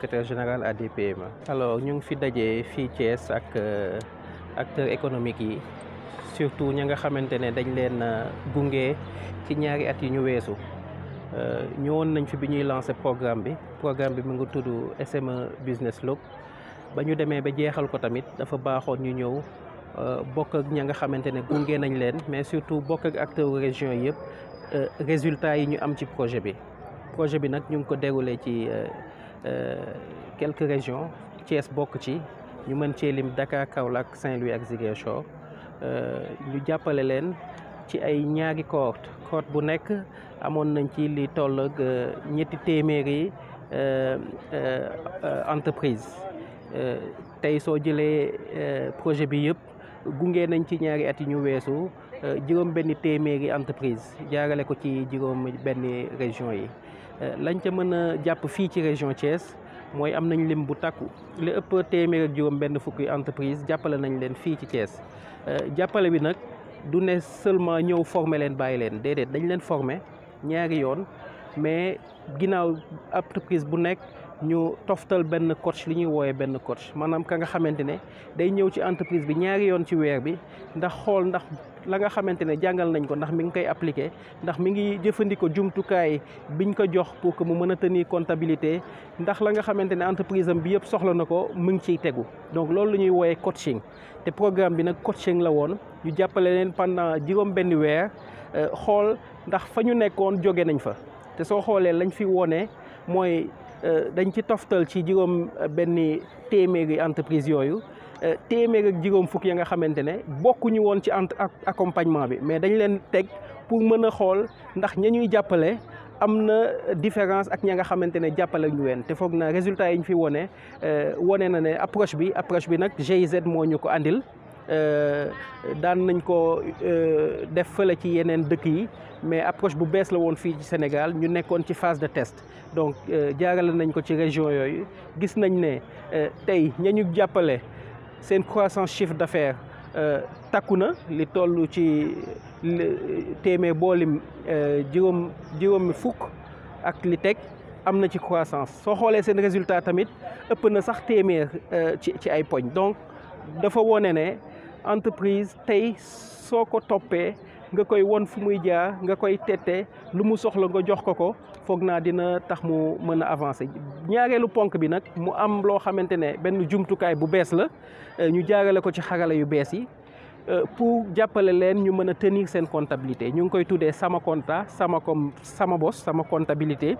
secrétaire général ADPME alors ñu ngi fi dajee fii Thiès ak euh, acteurs économiques yi surtout ña nga xamante ne dañ leen euh, gunge ci ñaari at yi ñu weesu euh, ñëwoon nañ fi bi ñuy lancé programme bi programme bi mu ngi tudd SME Business Look ba ñu demee ba jeexal ko tamit dafa baaxoon ñu ñëw bokk ak ña nga xamante ne gunge nañ leen mais surtout bokk ak acteurs région yëpp résultats yi ñu am ci projet bi projet bi nag ñu ngi ko déroulé ci Euh, quelques région Thiès bokk ci ñu mën cee lim Dakar Kaolack Saint-Louis ak Ziguinchor euh, ñu jàppale leen ci ay ñaari cohorte cohorte bu nekk amoon nañ ci li toll ak euh, ñetti téeméeri entreprise tey soo jëlee projet bi yëpp gunge nañ ci ñaari ati ñu weesu euh, juróom benn téeméeri entreprise jaarale ko ci juróom benn région yi euh, lañ ca mën a jàpp fii ci région Thiès mooy am nañ lim bu takku li ëpp téeméer ak juróom benn fukki entreprise jàppale nañ leen fii ci Thiès euh, jàppale bi nag du ne seulement ñëw former leen bàyyi leen déedéet dañ leen former ñaari yoon mais ginnaaw entreprise bu nekk ñu toftal benn coach li ñuy wooyee benn coach maanaam ka nga xamante ne day ñëw ci entreprise bi ñaari yoon ci weer bi ndax xool ndax la nga xamante ne jàngal nañ ko ndax mi ngi koy appliqué ndax mi ngi jëfandikoo jumtukaay biñ ko jox pour que mu mën a tenir comptabilité ndax la nga xamante ne entreprise am bi yëpp soxla na ko mu ngi ciy tegu donc loolu la ñuy wooyee coaching te programme bi nag coaching la woon ñu jàppale leen pendant juróom benn weer euh, xool ndax fa ñu nekkoon jóge nañ fa xoolee lañ fi wone mooy Euh, dañ ci toftal ci juróom euh, benn téeméeri entreprise yooyu euh, téeméer ak juróom fukk ya nga xamante ne ñu woon ci entre accompagnement bi mais dañ leen teg pour mën a xool ndax ña ñuy jàppale am na différence ak ña nga xamante ne jàppale ñu ween te foog na résultat yi ñu fi wone wone na ne approche bi approche bi nag GIZ moo ñu ko andil Euh, daan nañ ko euh, def fële ci yeneen dëkk yi mais approche bu bees la woon fii ci Sénégal ñu nekkoon ci phase de test donc euh, jaarale nañ ko ci région yooyu gis nañ ne tey ñañu jàppale seen croissance chiffre d'affaires takku na li toll ci téeméer boolim juróom juróomi fukk ak li teg am na ci croissance soo xoolee seen résultat tamit ëpp na sax téeméer ci ci ay poñ donc dafa wone ne entreprise tey soo ko toppee nga koy won fu muy jaar nga koy tette lu mu soxla nga jox ko ko foog naa dina tax mu mën a avancer ñaareelu ponk bi nag mu am loo xamante ne benn jumtukaay bu bees la euh, ñu jaarale ko ci xarala yu bees yi euh, pour jàppale leen ñu mën a tenir seen comptabilité ñu ngi koy tuddee sama compta sama com sama bos sama comptabilité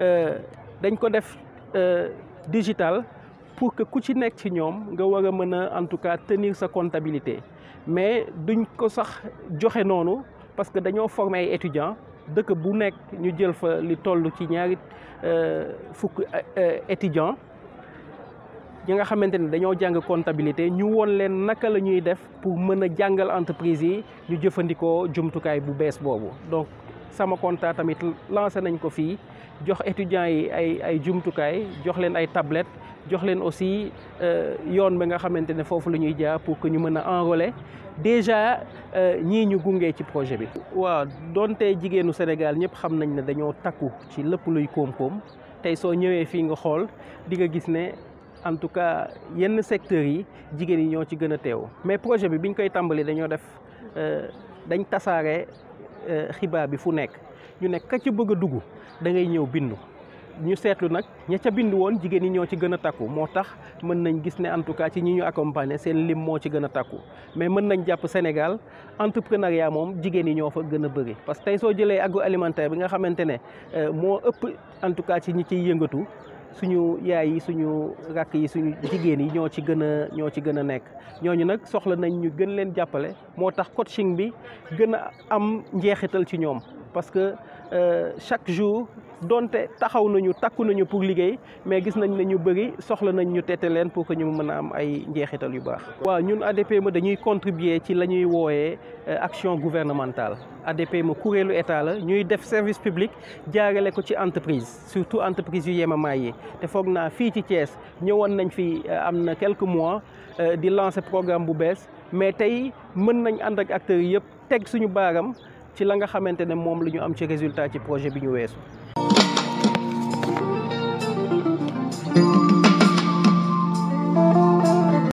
euh, dañ ko def digital pour que ku ci nekk ci ñoom nga war a mën a en tout cas tenir sa contabilité mais duñ ko sax joxe noonu parce que dañoo former ay dëkk bu nekk ñu jël fa li toll ci ñaari euh, fukk euh, étudiants ñi nga xamante ne dañoo jàng comptabilité ñu woon leen naka la ñuy def pour mën a jàngal entreprise yi ñu jëfandikoo jumtukaay bu bees boobu donc sama compta tamit lancé nañ ko fii jox étudiants yi ay ay jumtukaay jox leen ay tablettes jox leen aussi euh, yoon bi nga xamante ne foofu la ñuy jaar pour que ñu mën a enrôler déjà euh, ñii ñu gungee ci projet bi. waaw donte jigéenu Sénégal ñëpp xam nañ ne dañoo takku ci lépp luy koom-koom tey soo ñëwee fii nga xool di nga gis ne. en tout cas yenn secteurs yi jigéen yi ñoo ci gën a teew mais projet bi biñ koy tàmbali dañoo def euh, dañ tasaare Euh, xibaar bi fu nekk ñu nekk ka bëgg a dugg da ngay ñëw bindu ñu seetlu nag ña ca bindu woon jigéen ñi ñoo ci gën a takku moo tax mën nañ gis ne en tout cas ci ñi ñu accompagner seen lim moo ci gën a takku mais mën nañ jàpp Sénégal entrepreneuriat moom jigéen ñi ñoo fa gën a bëri parce que tey soo jëlee agroalimentaire bi nga xamante ne euh, moo ëpp en tout cas ci ñi ciy yëngatu. suñu yaay yi suñu rakk yi suñu jigéen yi ñoo ci gën a ñoo ci gën a nekk ñooñu nag soxla nañ ñu gën leen jàppale moo tax coaching bi gën a am njeexital ci ñoom parce que euh, chaque jour donte taxaw nañu takku nañu pour liggéey mais gis nañ ne ñu bëri soxla nañ ñu tete leen pour que ñu mën a am ay njeexital yu baax. waaw ñun ADPME dañuy contribuer ci la ñuy wooyee euh, action gouvernementale ADPME kuréelu état la ñuy def service public jaarale ko ci entreprise surtout entreprise yu yemamaay yi te foog naa fii ci Thiès ñëwoon nañ fi euh, am na quelque mois di lancer programme bu bees mais tey mën nañ ànd ak acteurs yëpp teg suñu baaram. ci la nga xamante ne moom la ñu am ci résultat ci projet bi ñu weesu